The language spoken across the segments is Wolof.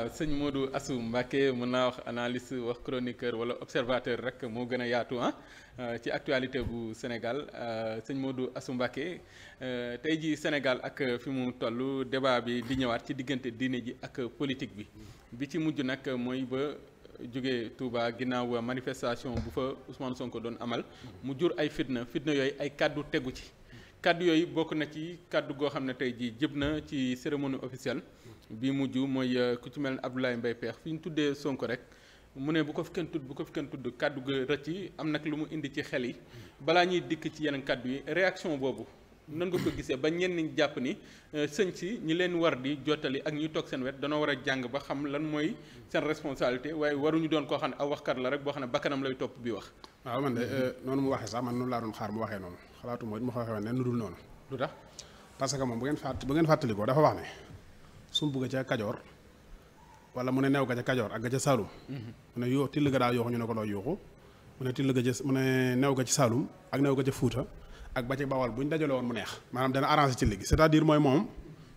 waaw sëñ Modou Assou Mbacké mën naa wax analyste wax chroniqueur wala observateur rek moo gën a yaatu ah euh, ci actualité bu senegal euh, sëñ Modou Assou Mbacké euh, tey jii senegal ak fi mu toll débat bi di ñëwaat ci diggante diine ji ak politique bi bi ci mujj nag mooy ba jóge Touba ginnaaw manifestation bu fa Ousmane Sonko doon amal mu jur ay fitna fitna yooyu ay kàddu tegu ci kàddu yooyu bokk na ci kàddu goo xam ne tey jii jëm na ci cérémonie officielle bi mujj mooy euh, ku ci mel ne Abdoulaye Mbaye Peex fi ñu tuddee Sonko rek mu ne bu ko fi kenn tudd bu ko fi kenn tudd kàddu ga rëcc yi am nag lu mu indi ci xel yi balaa ñuy dikk ci yeneen kàddu yi réaction boobu nan ko ko gisee ba ñenn ñi jàpp ni euh, sëñ si ñi leen war di jottali ak ñuy toog seen wet danoo war a jàng ba xam lan mooy seen responsabilité waaye waruñu doon ko xam ne wax waxkat la rek boo xam ne bakkanam lay topp bi wax. waaw man de euh, noonu mu waxee sax man noonu laa xaar mu waxee noonu xalaatu mooy mu waxee woon ne nu dul noonu. moom bu ngeen fàtt ngeen fàttalikoo dafa wax sump ga ca kajoor wala mu ne new ko ca kajoor ak ga ca saalum mm-hmm. mu ne yoo till ga daa yooxu ñu ne ko doo yooxu mu ne till ga ca mu ci saalum ak new ko ca fuuta ak ba ci bawal bu ñu dajale woon mu neex maanaam dana arrangé till gi c'est-à-dire mooy moom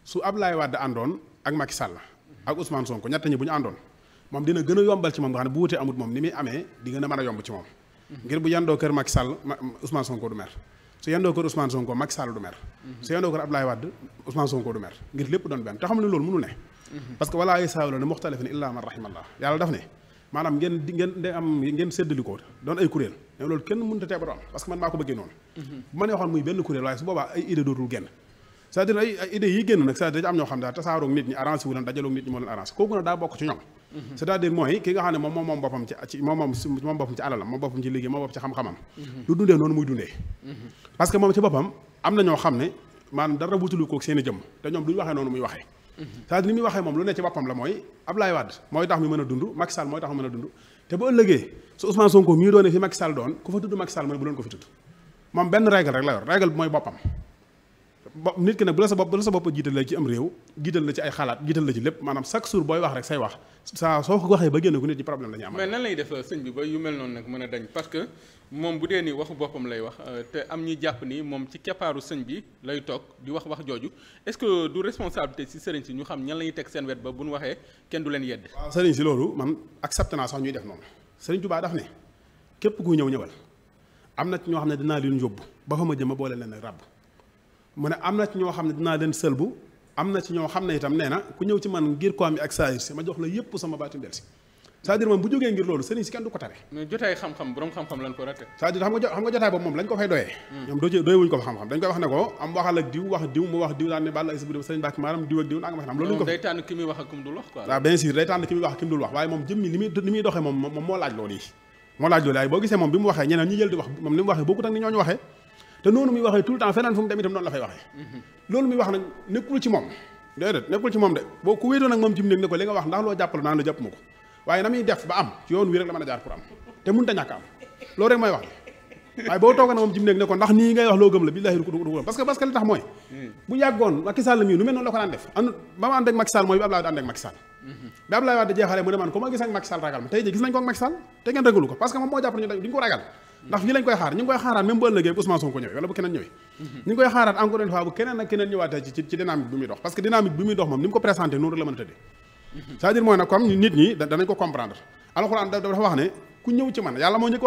su Ablaye Wade àndoon ak Macky Sall ak Ousmane Sonko ñett ñi bu ñu àndoon moom dina gën a yombal ci moom nga xam ne bu wutee amut moom ni muy amee di gën a mën a yomb ci moom mm-hmm. ngir bu yendoo kër Macky Sall Ousmane Sonko du su yendoo kër Ousmane Sonko Macky Sall du mer mhm. su yendoo kër Abdoulaye Wade Ousmane Sonko du mer ngir lépp doon benn te xam ne loolu mënu ne mhm. parce que walaa yasaalu ne muxtalif ne illaa man rahimallah yàlla daf ne maanaam ngeen ngeen de am ngeen séddali ko doon ay kuréel mais loolu kenn mënut a teeba am parce man maa ko bëggee noonu mhm. bu ma muy benn kuréel waaye su boobaa ay idée dootul génn cest à ay idée yi génn nag c'est-à-dire am ñoo xam daa c'est-à-dire mooy ki nga xam ne moom moom moom boppam ci ci moom moom moom boppam ci alalam moom boppam ci liggéey moom boppam ci xam-xamam mhm. lu dundee noonu muy dundee parce moom ci boppam am na ñoo xam ne maanaam dara wutulu kook seen jëm te ñoom du ñu waxee noonu muy waxee mhm. c'est-à-dire ni muy waxee moom lu ne ci boppam la mooy Ablaye Wade mooy tax mu mën a dund Macky Sall mooy tax mu mën a dund te bu ëllëgee su Ousmane Sonko mii doone fi Macky doon ku fa tudd Macky ba nit ki nag bu la sa bopp bu la sa bopp jiitalee ci am réew jiital la ci ay xalaat jiital la ci lépp maanaam chaque jour booy wax rek say wax saa soo ko waxee ba génn ko nit ñi problème la am. Euh, a dañ parce que moom ni waxu boppam lay wax euh, te am ñi jàpp ni moom ci keppaaru sëñ bi lay toog di wax wax jooju est-ce que du responsabilité si sëriñ si ñu xam ñan la ñuy teg seen wet ba bu ñu waxee kenn du leen yedd. waaw sëriñ si loolu man accepté naa sax ñuy def noonu sëriñ Tuubaa daf ne képp kuy ñëw ñëwal am na ñoo xam ne dinaa leen yóbbu ba fa ma jëm a boole leen ak ràbb mu ne am na ci ñoo xam ne dinaa leen sëlbu am na ci ñoo xam ne itam nee na ku ñëw ci man ngir ko am ak saayir si ma jox la yëpp sama baatin del si cest à moom bu jógee ngir loolu sëriñ si kenn du ko tare mais jotaay xam nga jotaay boobu moom li hmm. muy li moom moo laaj loolu yi moo laaj loolu yi boo gisee moom bi mu waxee ñeneen ñi jël di wax moom li mu waxee bokkut ak ni ñooñu waxee te noonu muy waxee tout temps feneen fu mu dem itam noonu la fay waxee loolu muy wax nag nekkul ci moom déedéet nekkul ci moom de boo ku wéetoon ak moom ci mu ndax a jaar a ñàkk nii ngay wax loo gëm la billaahi du ko gëm parce que li tax mooy bu yàggoon Macky Sall mii nu mel noonu la ko daan def ba ma ànd ak mooy bi Abdoulaye Wade ànd ak mu ne man ku ma gis ak ragal ma tey ji gis nañ ko ak te ngeen ragalu ko parce ndax ñi lañ koy ñu ngi xaaraat même bu ëllëgee bu Ousmane Sonko ñëwee wala bu keneen ñëwee mhm. ko présenté noonu a tëddee mhm. c'est-à-dire ko comprendre alxuraan ñëw ko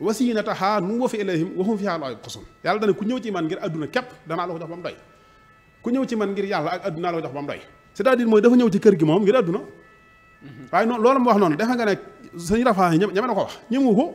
wax mhm. ñëw la ko jox ba mu doy ku ñëw man ngir yàlla ak adduna la ko jox ba mu doy moom ngir adduna waaye noonu loolu mu wax noonu defe nga ne sañu rafaa ñeme na ko wax ñëmu ko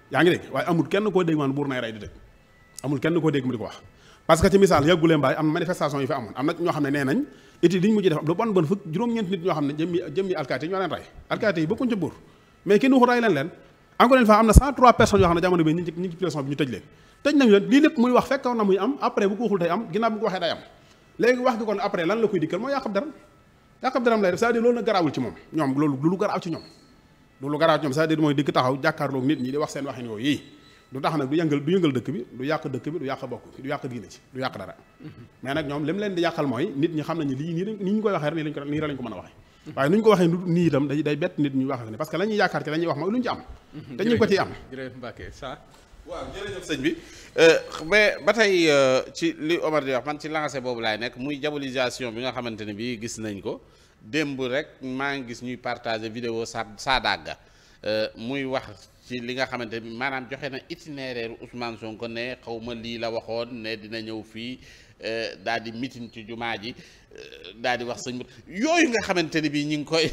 yaa ngi dégg waaye amul kenn koo dégg man buur nay rey di dégg amul kenn koo dégg mu di ko wax parce que ci misaal yàggulee mbaay am manifestation yi fi amoon am na juróom-ñeenti nit ñoo xam ne jëmmi alkaati yi ñoo leen ci buur mais kenn waxu rey leen leen am na 103 personnes yoo xam ne jamono bi ñu tëj leen tëj nañu leen lii lépp muy wax fekkoon na muy am après bu ko waxul day am ginnaaw bu waxee day am léegi wax gi kon après lan la koy dikkal du lu garaaw ñoom c'est-à-dire mooy dikk taxaw jàkkaarloog nit ñi di wax seen waxin yooyu yii du tax nag du yëngal du yëngal dëkk bi du yàq dëkk bi du yàq bokk ci du mooy nit xam nañu lii nii a waxee waaye nu ñu ci la ñuy wax mooy euh, euh, lancé boobu laay nekk muy diabolisation bi nga xamante ne bi gis nañ ko démb rek maa ngi gis ñuy partager vidéo sa Sadaga euh, muy wax ci li nga xamante ni maanaam joxe na itinéraire Ousmane Sonko ne xaw ma lii la waxoon ne dina ñëw fii euh, daal di mitin ci jumaa ji euh, daal di wax sëñ yooyu nga xamante ni bii ñi ngi koy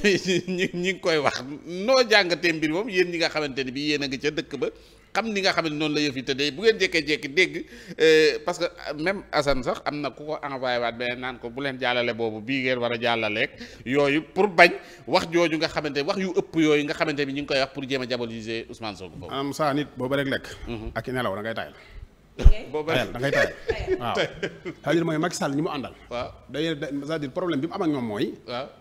ñi ngi koy wax noo jàngatee mbir moom yéen ñi nga xamante ni bii yéen a ngi ca dëkk ba. am ni nga xam ne noonu la yëf yi tëddee bu ngeen jékkee-jékki dégg euh, parce que euh, même sax am na ku ko envoyé waat beneen naan ko bu leen jàllale boobu bii ngeen war a jàllaleeg yooyu pour bañ wax jooju nga xamante wax yu ëpp yooyu nga xamante bi ñu ngi koy wax pour jéem a diaboliser Ousmane Sonko boobu am saa nit booba rek lekk mhm. ak i nelaw da ngay tayal boobu da ngay tayal waaw cest mooy Macky Sall ñi mu àndal waaw day cest à problème bi mu am ak ñoom mooy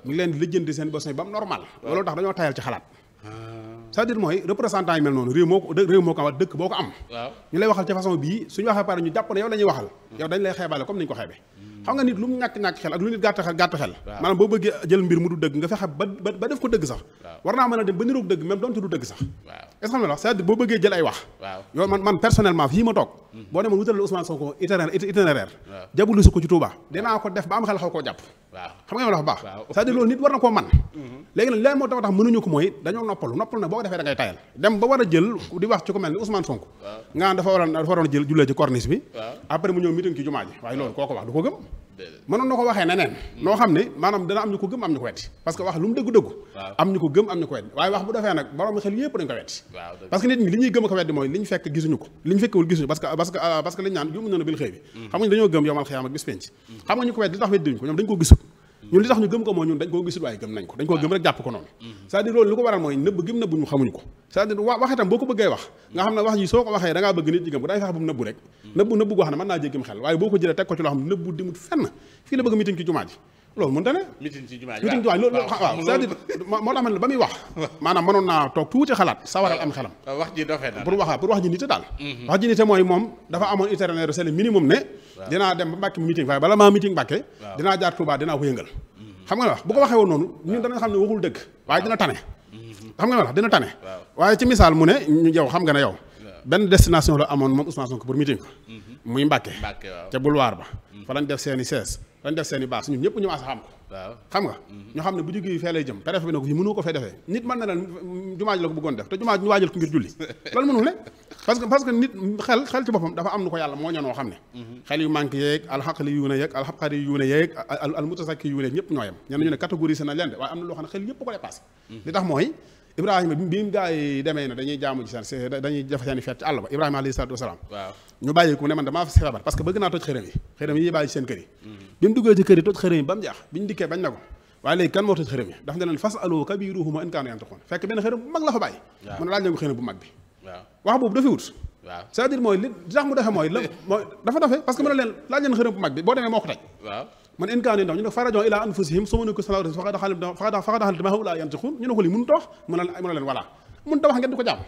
mu ngi leen di lijjanti seen besoin ba mu normal loolu tax dañoo tayal ci xalaat ah. sa à mooy représentant yi mel noonu réew moo ko réew moo ko am dëkk boo ko am ñu lay waxal ci façon bii suñu waxee pare ñu jàpp ne yow la waxal hmm. yow dañ lay xeebale comme ni ko xeebe xam nga nit lu ñàkk ñàkk xel ak lu nit gàtt xel gàtt xel maanaam boo bëggee jël mbir mu du dëgg nga fexe ba ba def ko dëgg sax war naa mën a dem ba niroog dëgg même donte du dëgg sax est-ce que xam boo bëggee jël ay wax yow man man personnellement fii ma toog Mhm. boo demoon wutal la Ousmane Sonko itinéraire itinéraire jabul su ko ci Touba dinaa ko def ba am xel xaw koo jàpp xam nga ma baax cest à loolu nit war na koo man mhm. léegi nag léegi moo tax mënuñu ko mooy dañoo noppalu noppalu nag boo ko defee da ngay dem ba war a jël di wax ci ku mel ni Ousmane Sonko nga dafa waroon dafa waroon jël jullee ci corniche bi après mu ñëw meeting ci jumaa ji waaye loolu koo ko wax du ko gëm mënoon na ko waxee neneen noo xam ne maanaam dana am ñu ko gëm am ñu ko wetti parce wax lu mu dëggu-dëggu am ñu ko gëm am ñu ko wetti waaye wax bu defee nag borom xel yëpp dañu ko wetti parce nit ñi li ñuy gëm ko wetti mooy li fekk gisuñu ko li fekkewul gisuñu parce que parce que parce que li bil xëy bi mm. xam nga dañoo gëm yomal xiyam ak bis penc mm. xam nga ñu ko wetti li tax weddiwuñu ko ñoom dañu ko gisul ñun li tax ñu gëm ko mooy ñun dañ koo gisul waaye gëm nañ ko dañ koo gëm rek jàpp ko noonu mm-hmm. cest dire loolu lu ko waral mooy nëbb gëm nëbb ñu xamuñ ko cest dire wa wax itam boo ko bëggee wax nga xam ne wax ji soo ko waxee da bëgg nit ñi mm-hmm. fenn fii la bëgg meeting ci jumaa ji loolu mënta ne ba muy wax maanaam mënoon naa toog tuuti xalaat sawaral am xelam pour wax pour wax ji nite daal mm-hmm. wax ji nite mooy moom dafa amoon itinéraire c'est minimum ne dinaa dem ba Mbàkke meeting waaye bala maa meeting Mbàkke dinaa jaar Touba dinaa ko yëngal xam nga la wax bu ko waxee woon noonu ñun danañ xam ne waxul dëgg waaye dina tane mhm. xam nga la wax dina waaye ci misaal mu ne yow xam nga ne yow benn destination la amoon moom Ousmane Sonko pour meeting ko mhm. muy Mbàkke ca boulevard ba mhm. fa lañ def seen i sees fa lañ def seen i baas ñun ñëpp ñu maasa xam ko xam nga ñu xam ne bu jógee fee lay jëm préfet bi ne ko fii mënu ko fay defee nit mën na leen jumaa ji la def te jumaa ji ñu waajal ko ngir julli loolu parce que parce que nit xel xel ci boppam dafa am nu ko yàlla moo ñanoo xam ne mhm. xel yu manque yeeg alxaqli yu ne yeeg alxaqari yu ne yeeg almutasakki yu ne ñëpp ñenn ñu ne catégorisé na leen de waaye am na loo xam ne xel yëpp ko dépassé mhm. li tax mooy ibrahima bi mu gaa yi demee ne dañuy jaamu ji seen dañuy jafe seen i feet ci àll ba ibrahima alayhi salaatu wasalaam waaw ñu bàyyi ko ne man damaa fi feebar bëgg naa toj xërëm yi xërëm yi bàyyi seen kër wax boobu dafa wut. waaw c'est-à-dire mooy li tax mu defe mooy dafa dafe parce que mën na leen laaj leen mag bi boo demee moo ko teg man in kaanu ndaw ñu ne farajon ilaa anfusihim summa nuku sala faqad xalu faqad xalu dama hawla yantiqun ñu ne ko li mënut a wax mën na leen voilà mun ta wax ngeen di ko jàpp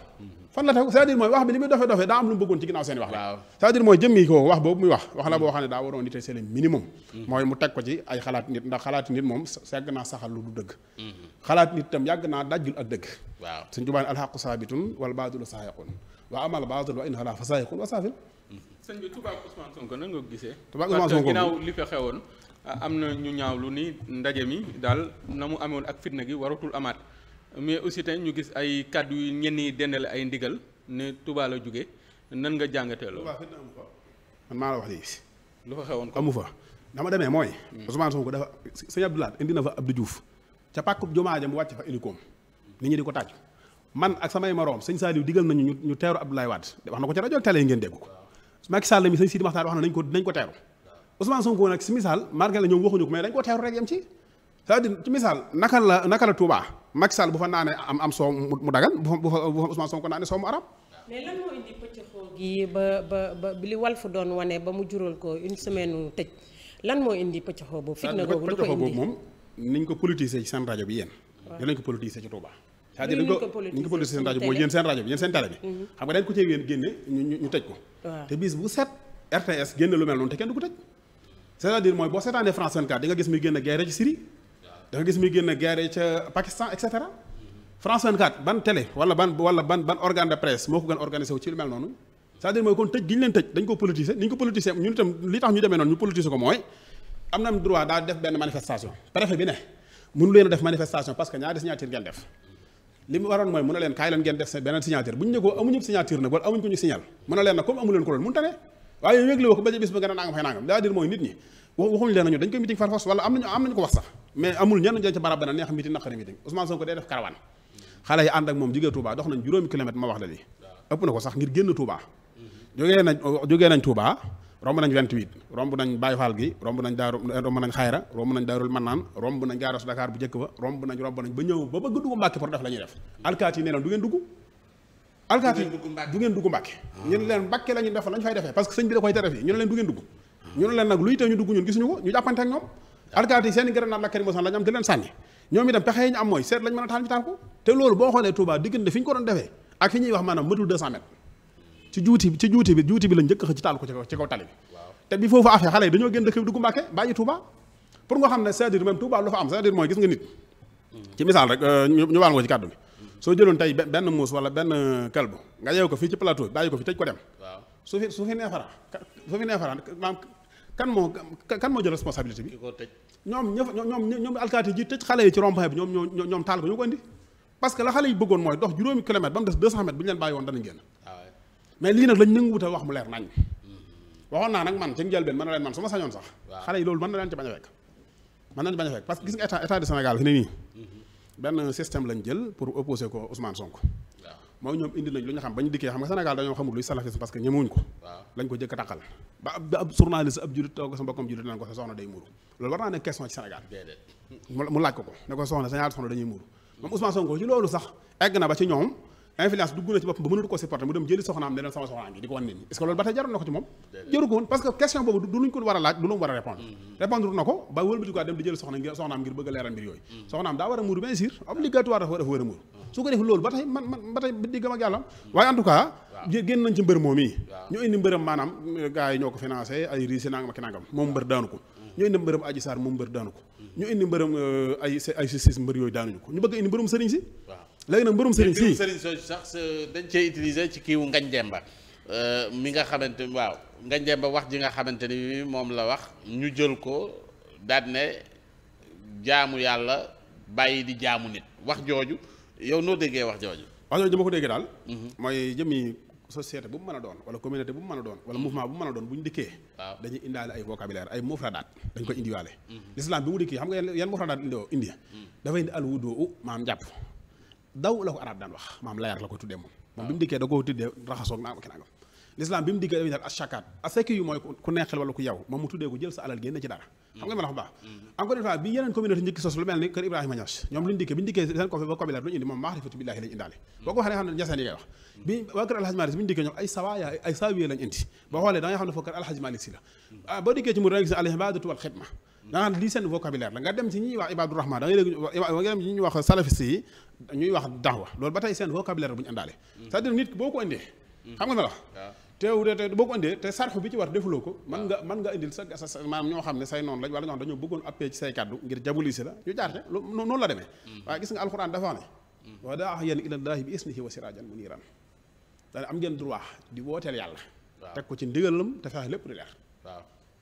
fan la teg c'est-à-dire mooy wax bi li muy dofee dofee daa am lu mu bëggoon ci ginnaaw seen wax la cest mooy jëmmi ko wax boobu muy wax wax la boo xam daa waroon nite c'est le minimum hmm. mooy mu teg ko ci ay xalaat nit ndax xalaati nit moom segg naa saxal lu du hmm. xalaat nit itam yàgg naa dajjul ak dëgg waaw suñ jubaane alxaqu saabitun wal baadulu saayiqun wa amal baadul wa in xalaa fa saayiqun wa saafil sëñ bi Touba ak Ousmane Sonko nan nga gisee Touba ak Ousmane li fa xewoon am na ñu ñaawlu ni ndaje mi daal na mu amoon ak fitna gi waratul amaat mais aussi tey ñu gis ay kàddu yu ñenn yi dendale ay ndigal ne tubaal a jóge nan nga jàngatee loolu. man maa la wax léegi. lu fa xewoon ko amu fa. dama demee mooy. Hmm. Ousmane Sonko dafa sëñ Abdou Lahad indi na fa Abdou Diouf ca pàkkub jumaa ja mu wàcc fa hélicoom nit ñi di ko tàcc man ak samay moroom sëñ Saliou wax na ko ci rajo télé yi ngeen dégg ko Macky Sall mi sëñ Sidi wax na nañ ko nañ ko teeru Ousmane Sonko nag si misaal marqué la ñoom waxuñu ko mais dañ ko teeru rek yem ci cest à ci misaal naka la naka la Touba Macky Sall bu fa naanee am am soow mu dagan bu fa bu fa bu mu arab mais lan moo indi pëccëxoo gi ba ba ba ba mu jural ko une semaine tëj lan moo indi pëccëxoo moom niñ ko politiser ci bi yéen. waaw nañ ko rajo bi mooy yéen rajo bi yéen mhm. ñu ñu tëj ko. te bis set RTS génne lu mel noonu te kenn du ko tëj. cest mooy boo seetaanee France 24 di gis muy génne guerre ci dafa gis muy génn guerre ca Pakistan et cetera. France 24 ban télé wala ban wala ban ban organe de presse moo ko gën organisé ci lu mel noonu cest à mooy kon tëj gi ñu leen tëj dañ ko politiser ni ñu ko li tax ñu demee noonu ñu politiser ko mooy am na droit daal def benn manifestation préfet bi ne mënu leen a def manifestation parce ñaari signature ngeen def li mu waroon mooy mën na leen kaay leen ngeen def seen signature bu ñu ne ko amuñu waxuñu leen nañu dañ koy meeting far force wala am nañu am nañu ko wax sax mais amul ñenn ñoo ca barab dana neex meeting yi ànd ak ba romb nañ romb nañ ba ñëw ba bëgg dugg Mbàkke pour def la ñuy def alkaati leen du ngeen ñu ne leen Mbàkke la def lañ fay defee parce que sëñ bi da koy tere fii ñu ne leen du ngeen ñu ne leen nag luy taw ñu dugg ñun gisuñu ko ñu jàppante ak ñoom alkaati yi seen i grenade lacrymogène la ñu am di leen sànni ñoom itam pexe yi ñu am mooy seet lañ mën a taal ñu taal ko te loolu boo xoolee Touba diggante fi ñu ko ci juuti bi juuti bi lañ njëkk xëcc ci taal ko ci kaw tali bi te bi foofu affaire xale yi dañoo génn dëkk bi dugg Mbàkke bàyyi Touba pour nga xam ne c'est-à-dire même Touba lu fa am cest à mooy gis nga nit ci misaal rek euh, ñu waal nga ci kàddu bi soo jëloon tey benn muus wala benn kalbu nga yeew ko fii ci dem su fi su fi neefara kan moo kan moo jël responsabilité bi. ñoom ña fa ñoom ñoom alkaati ji tëj xale yi ñoom ñoom taal ko ñoo ko indi. parce la xale yi bëggoon mooy dox juróomi kilomètre ba mu des 200 mètres bu ñu leen bàyyi woon danañ génn. Ah mais lii nag lañ nanguwut wax mu leer nañ. waxoon naa nag man ci njëlbeen mën na leen man su sañoon sax. xale yi loolu mën na leen ci bañ fekk. mën nañ bañ a fekk parce gis nga état état Sénégal ne nii. Mhm. benn système lañ mooy ñoom indi nañ lu ñu xam ba ñu dikkee xam nga Sénégal dañoo xamul luy salafisme parce que ñemewuñ ko lañ ko jëkk tàqal ba ab journaliste ab julit toog sa mbokkam sa soxna day muuru loolu war naa nekk question ci Sénégal mu laaj ko ko ne ko soxna sa ñaari soxna dañuy muuru moom Ousmane Sonko ci loolu sax egg na ba ci ñoom influence dugg na ci ba mu dem jëli soxnaam ne leen sama soxnaam gi di ko wan nit ñi loolu ba tey jaroon na ko ci moom jaru ko woon question boobu du luñ ko war a laaj du lu mu war a répondre répondre na ko ba wëlbati ko dem di jël soxna ngir soxnaam ngir bëgg a mbir yooyu hmm. soxnaam daa war a muur bien sûr obligatoire dafa war a muur su ko def loolu ba tey man man ba tey diggam ak yàlla hmm. waaye en génn nañ ci mbër moom yi ñu indi léegi nag mbirum sëriñ si mbirum sëriñ soosu sax euh, dañ cee utiliser ci kiiwu ngañ demba euh, mi nga xamante ni waaw ngañ ba wax ji nga xamante ni moom la wax ñu jël ko daal ne jaamu yàlla bàyyi di jaamu nit wax jooju yow noo déggee wax jooju. wax jooju ma ko déggee daal. Mhm. mooy jëmi société bu mu mën a doon wala communauté bu mu mën a doon wala mhm. mouvement bu mu mën a doon bu ñu dikkee. waaw dañuy indaale ay vocabulaire ay mufradaat dañ ko mhm. indiwaale. l'islam xam nga yan yan mufradaat indi. dafa indi al wudu maam jàpp. daw la ko arab daan wax maam layar la ko tuddee moom moom bi mu dikkee da ko tuddee raxasoog naa ki naanga l'islam bi mu dikkee dañuy def ashakaat moom mu tuddee ko jël sa ma nga lii seen vocabulaire la nga dem ci ñuy wax ibadu rahman da ngay dégg nga dem ci ñuy wax salafiste yi ñuy wax daawa loolu ba tey seen vocabulaire bu ñu àndaale mm-hmm. cest à nit ki boo ko indee mm-hmm. xam nga ma la te boo te sarxu bi ci war defuloo ko man nga man nga indil sa sa maanaam ñoo xam ne say noonu lañ wala ñoo xam dañoo bëggoon appee ci say kàddu ngir jabulisi la ñu jaar te noonu la demee mm-hmm. waaye gis nga alquran dafa ne wa daa yéen ilallaahi bi ismihi di wooteel yàlla teg ko ci ndigalam waaw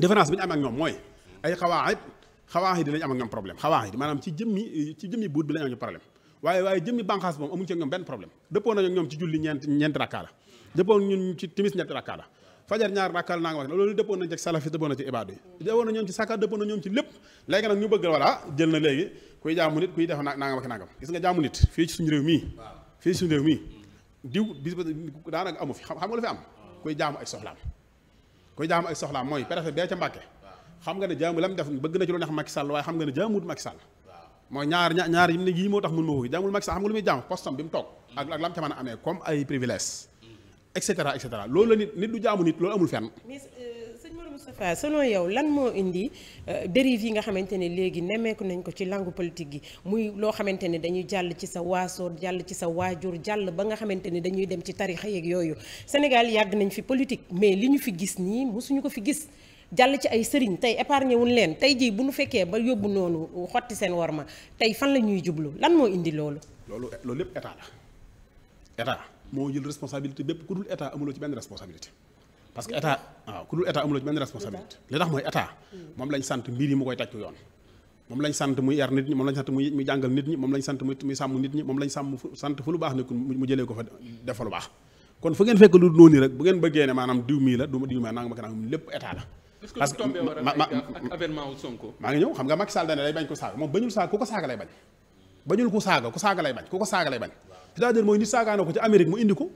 différence bi ñu am ak ñoom mooy ay xawaaxit xawaaxit dinañ am ak ñoom problème xawaaxit maanaam ci jëmmi ci jëmmi buut bi lañ am ñu problème waaye waaye jëmmi banqaas moom amuñu ci ñoom benn problème dëppoo nañu ak ñoom ci julli ñeent ñeenti rakkaa la dëppoo ñun ci timis ñeenti rakkaa fajar ñaar rakkaa naa nga wax loolu dëppoo nañ ci salafis na ci ibaadu yi dëppoo na ñoom ci sàkka naa nga wax gis nga jaamu nit fii ci suñu réew mii fii ci suñu réew mii diw bis daanaka amu fi xam nga la fi am kuy jaamu ay soxlaam kuy jaamu ay soxlaam mooy préfet bee ca Mbàkke xam nga ne jaamu lam def bëgg na ci lu neex Macky Sall waaye xam nga ne jaamuwut Macky Sall mooy ñaar ñaar yi mu ne yii moo tax mun ma ko jaamul Macky xam nga lu muy jaam postam bi mu toog ak ak lam ca mën a amee comme ay privilèges mm. et cetera et loolu la nit nit du jaamu nit loolu amul fenn euh, Moustapha selon yow lan moo indi euh, dérive yi nga xamante ne léegi nemmeeku nañ ko ci langue politique gi muy loo xamante ne dañuy jàll ci sa waaso jàll ci sa waajur jàll ba nga xamante ne dañuy dem ci tarix yeeg yooyu Sénégal yàgg nañ fi politique mais li ñu fi gis nii mosuñu ko fi gis jàll ci ay sëriñ tey épargné wuñ leen tey jii bu nu fekkee ba yóbbu noonu xotti seen war warma tey fan la ñuy jublu lan moo indi loolu. loolu loolu lépp état la état moo jël responsabilité bépp ku dul état amuloo ci parce que état waaw ku dul état amuloo ci benn responsabilité li tax mooy état moom lañ sant mbir yi mu koy teg yoon moom lañ sant muy yar nit ñi moom lañ sant muy muy jàngal nit ñi moom lañ sant muy muy sàmm nit ñi moom lañ sàmm fu lu baax ne mu jëlee ko fa def baax kon fu ngeen fekk lu noonu rek bu ngeen bëggee ne maanaam diw mii la diw mii nangam ak nangam lépp état la parce que ak avènement maa ngi ñëw xam nga Macky Sall dane day bañ ko saaga moom bañul saaga ku ko saaga ku saaga lay bañ ku ko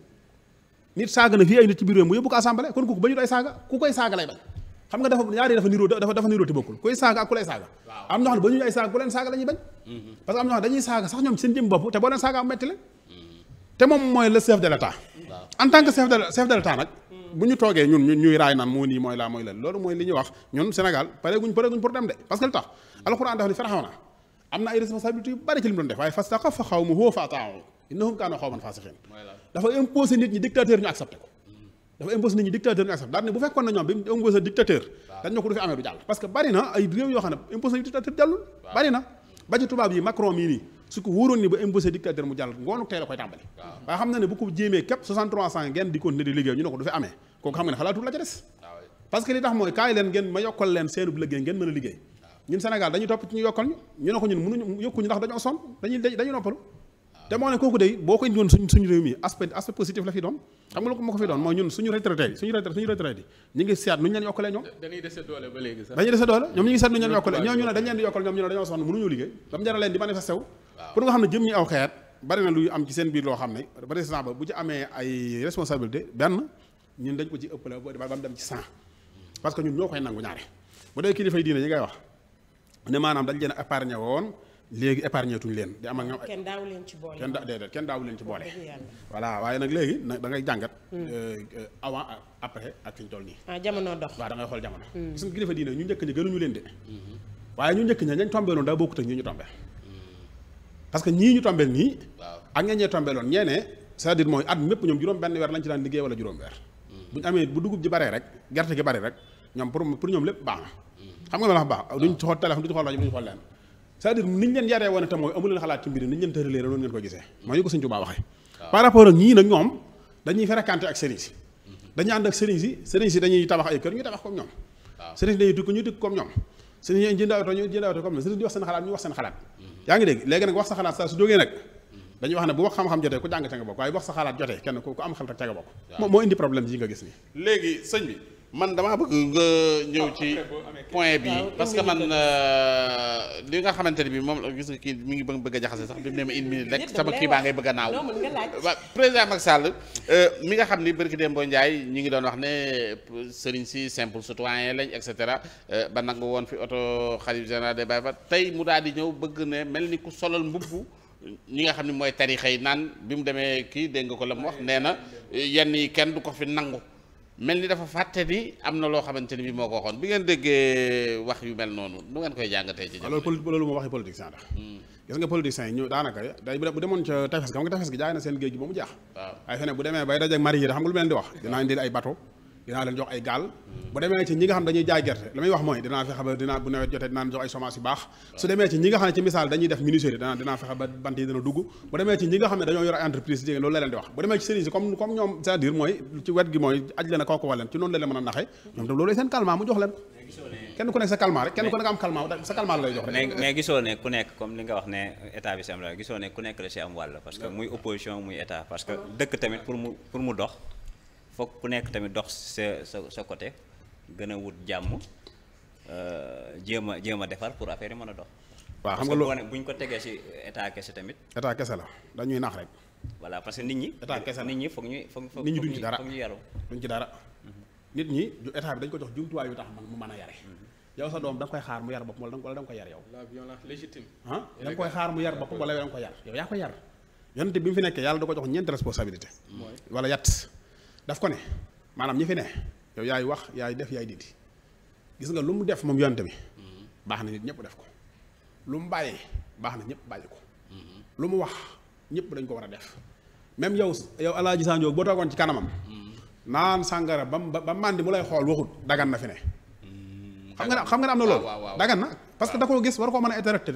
nit saaga na fii ay nit ci biir réew mu yóbbu ko assemblée kon kooku ba ñu ay saaga ku koy saaga lay bañ xam nga dafa ñaari dafa niroo ay saaga ku leen saaga la bañ mhm. parce que am na ay responsabilité yu bari doon def waaye fastaqafa qawmuhu fa ata'uhu innahum kaanu xawman faasixiin dafa imposé nit ñi dictateur ñu accepté dafa imposé nit ñi dictateur ñu accepté daal ne bu fekkoon na ñoom bi mu dictateur jàll parce ba ci tubaab yi Macron mii nii su ko wóoroon ni ba imposé dictateur mu jàll ngoonu tey la koy tàmbali waaye xam na ne bu ko jéemee képp 63 ngeen di continuer di liggéey ñu ne ko du fi amee kooku xam nga ne xalaatul la ca des parce li tax mooy kaay leen ngeen te moo ne kooku day boo ko indi woon suñ suñu réew mi aspect aspect positif la fi doon ko moo ko fi doon mooy ñun suñu retraité yi suñu retraité suñu retraité yi ñu ngi seet nu ñu leen yokkalee ñoom nu ñu ne dañ leen di yokkal ñu liggéey dam jara leen di manifesté wu pour nga xam ne jëm ñi aw xeet bari luy am ci seen biir loo xam ne président ba bu ci amee dañ ko ci ëppale ba mu dem ci cent parce que ñun ñoo koy nangu ñaare bu dee kilifa yi diine yi ngay wax ne maanaam dañ leen épargné woon léegi épargné leen di am ak ñoom kenn daawu leen ci boole kenn da déedéet kenn daawu leen ci boole voilà waaye nag léegi nag da ngay jàngat hmm. euh, euh, avant après ak fi ñu toll nii ah, jamono dox waaw da xool jamono hmm. gis nga kilifa diine ñu njëkk ñi gënuñu leen de hmm. waaye ñu njëkk ña ñañ tombee loon daa bokkut ak ñii ñu tombee parce que ñii ñu tombeel nii ak ñee ñee tombeeloon ñee ne c'est-à-dire mooy at mépp ñoom juróom benn weer lañ ci daan liggéey wala juróom weer bu ñu amee bu dugub ji baree rek gerte gi baree rek ñoom pour pour ñoom lépp baax na xam nga ma la wax baax leen c'est-à-dire niñ leen yaree woon itam mooy amu leen xalaat ci mbir niñ leen tëralee rek noonu ngeen ko gisee mooy yu ko sëñ Tuubaa waxee par rapport ak ñii nag ñoom dañuy fréquenté ak sëriñ si dañuy ànd ak sëriñ si sëriñ si dañuy tabax ay kër ñu tabax comme ñoom sëriñ si dañuy ñu tukki comme ñoom sëriñ si jënd oto ñu jënd oto comme ñoom sëriñ di wax seen xalaat ñu wax seen xalaat mhm. yaa ngi dégg léegi nag wax sa xalaat saa su jógee nag mhm. dañuy wax ne bu wax xam-xam jotee ku jàng ca bokk waaye wax sa xalaat kenn ku am xel man damaa bëgg nga ñëw ci ah, point bi ah, parce que man euh, li nga xamante ne bi moom la gis nga kii mi ngi bëgg a jaxase sax bi mu ne ma une minute kii baa bëgg a naaw waaw président Macky Sall euh, mi nga xam ni barki Dembo Ndiaye ñi ngi doon wax ne sëriñ si simple citoyen lañ et cetera euh, ba nangu woon fi oto xalif général de Baye Fall tey mu daal di ñëw bëgg ne mel ni ku solal mbubb ñi nga xam ne mooy tarixa yi naan bi mu demee kii dégg nga ko la mu wax nee na yenn yi kenn du ko fi nangu mel ni dafa fàtte ni am na loo xamante ni bii moo ko waxoon bi ngeen déggee wax yu mel noonu nu ngeen koy jàngatee. ci jamono loolu loolu moo waxi politicien la. Hmm. gis nga politicien yi ñu daanaka day bu demoon ca tefes ga xam nga tefes gi jaay na seen géej gi ba mu jaax. waaw ay feneen bu demee bay dajeeg mari yi xam nga lu mel di wax. dinaa indil ay bateau dinaa leen jox ay gaal bu demee ci ñi nga xam dañuy jaay gerte dinaa fexe jox ay semence yu baax su demee ci ñi nga xam ne ci misaal dañuy def menuiserie dinaa dinaa fexe ba bant yi dina dugg bu demee ci ñi nga xam ne dañoo yor ay entreprise jigéen loolu la leen di wax bu demee ci sëriñ comme comme ñoom c'est-à-dire mooy ci wet gi mooy aj leen a kooku wa leen ci noonu leen mën a naxe ñoom tam loolu seen calmant mu jox leen kenn ku nekk sa calmant rek kenn ku nekk nga wax ne état bi si am la gisoo ne ku nekk la si am wàll parce foog ku nekk tamit dox sa sa sa côté gën a wut jàmm euh, jéem a jéem a defar pour affaire mën a dox. waaw xam nga loolu bu ñu ko tegee ci état kese tamit. état kese la dañuy naax rek. voilà parce que nit ñi. état kese la ñi foog foog nit ñi duñ ci dara foog ñu yaru ci dara. nit ñi état bi dañ ko jox jumtuwaay yu tax mu mën a yare. Mhm. yow sa doom da koy xaar mu yar boppam wala da nga koy yar yow. la violence légitime. ah da nga wala da nga koy yar yow yaa ko yar. yonent bi mu fi nekkee yàlla da ko jox ñeenti responsabilité. wala yat def ko ne maanaam ñi fi ne yow yaay wax yaay def yaay dindi gis nga lu mu def moom yonent bi baax na nit ñëpp def ko lu mu bàyyee baax na ñëpp bàyyi ko lu mu wax ñépp dañ ko war a def même yow yow Alaaji Sanjoo boo toogoon ci kanamam naan sàngara ba ba màndi mu lay xool waxut dagan na fi ne xam nga ne xam nga ne am na loolu dagan na parce que da koo gis war koo mën a interacté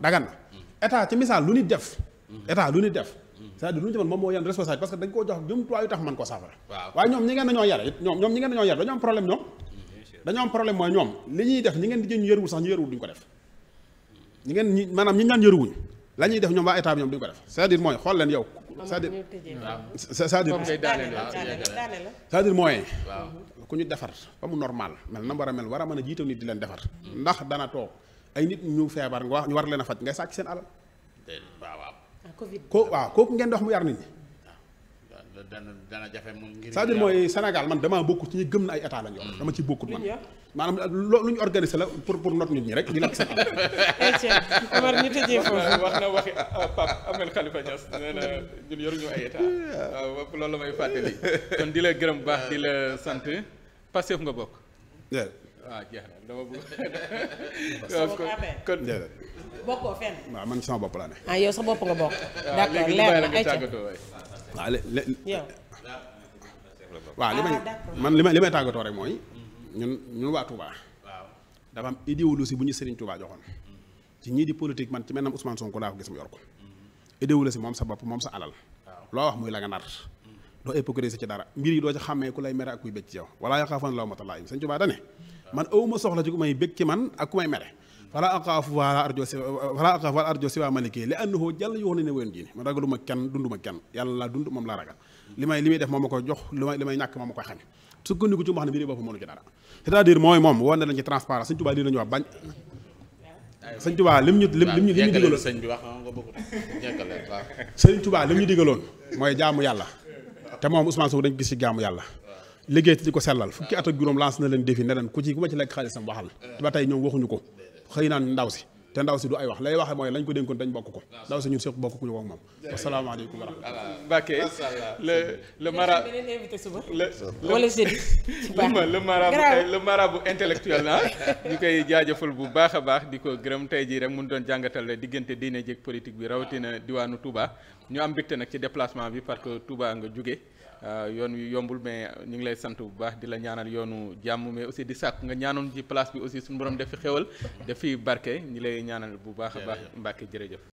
dagan na mm. état ci misaal lu nit def mm-hmm. état lu nit def c'est-à-dire lu ñu defoon moom moo yan responsable parce que dañ koo jox jumtuwaay yu tax mën ko saafara waaye ñoom ñi ngeen dañoo yar it ñoom ñoom ñi ngeen dañoo yar dañoo am problème ñoom dañoo am problème mooy ñoom li ñuy def ñi ngeen di jël ñu sax ñu yërwul duñ ko def ñi ngeen ñi maanaam ñi ñaan yëruwuñ la ñuy def ñoom waa mooy xool leen yow c'est-à-dire c'est-à-dire ku ñu defar ba mu normal mel na war a mel war a mën a jiital nit di leen defar ndax dana toog ay nit ñu feebar nga wax ñu war leen a faj ngay sàcc seen alal waaw waaw ko waaw kooku ngeen dox mu yar nit ñi. dana dana jafe moom ngir. cest mooy Sénégal man damaa bokkut ci ñu gëm na ay état lañ yor. Mm. dama ci bokkut man maanaam euh, lu ñu organisé la pour pour not nit ñi rek di lakk sa. Eh, Omar ñu tëjee foofu. wax na waxi ah, Pape Amel Khalifa Niass nee na ñun ay état. Ah, waaw loolu la may fàttali. kon di la gërëm baax di la sant Pastef nga bokk. waaw ah, na dama man sama bopp laa ne. ah sa bopp nga bokk. Ah, d'accord leer na ayca waaw léegi li li ah, may man li may tàggatoo rek mooy. ñun ñun waa Touba. dafa am idéologie bu ñu Serigne Touba joxoon. ci ñii di politique man ci mel ne Ousmane Sonko laa ko gis mu yor ko. idéologie moom sa bopp moom sa alal. loo wax muy la nga nar. doo hypocrisie ci dara mbir yi doo ci xàmmee ku lay mere ak kuy bëcc yow wala yaxaafoon law ma talaa im Serigne Touba dane man awuma soxla ci ku may bég ci man ak ku may mere fala aqaafu wala arjo si fala aqaafu wala arjo si waa malikee li annahu jàll yoo xam ne ne woon diine man ragaluma kenn dunduma kenn yàlla laa dund moom laa ragal li may li muy def moom ma koy jox li may li may ñàkk moom ma koy xame sukkandiku ci mu wax ne mbiri boppam mënu ci dara c'est-à-dire mooy moom woon na lañ ci transparence Sëñ Tuubaa lii la ñu wax bañ Sëñ Tuubaa lim ñu lim ñu lim ñu digaloon sëñ bi wax nga bëgg Sëñ Tuubaa lim ñu digaloon mooy jaamu yàlla te moom Ousmane Sow dañ gis ci jaamu yàlla liggéey te ko sellal fukki at ak juróom lance na leen defi ne leen ku ci ku ma ci lekk xaalisam waxal te ba tey ñoom waxuñu ko xëy naan ndaw si te ndaw si du ay wax lay waxe mooy lañ ko dénkoon dañ bokk ko ndaw si ñun seq bokk ku ñu ko ak moom asalaamaaleykum wa rahmatulah le le mara wala jeudi le marabu le marabu intellectuel ah ñu koy jaajëfal bu baax a baax di ko gërëm tey jii rek mun doon jàngatal diggante diine jéeg politique bi rawatina diwaanu tubaa ñu am mbégte nag ci déplacement bi parce que tubaa nga jóge Euh, yoon wi yombul mais ñu ngi lay sant bu baax di la ñaanal yoonu jàmm mais aussi di sàkk nga ñaanoon ci place bi aussi suñu borom def xewal xéwal def barke ñi lay ñaanal bu baax a baax Mbàkke jërëjëf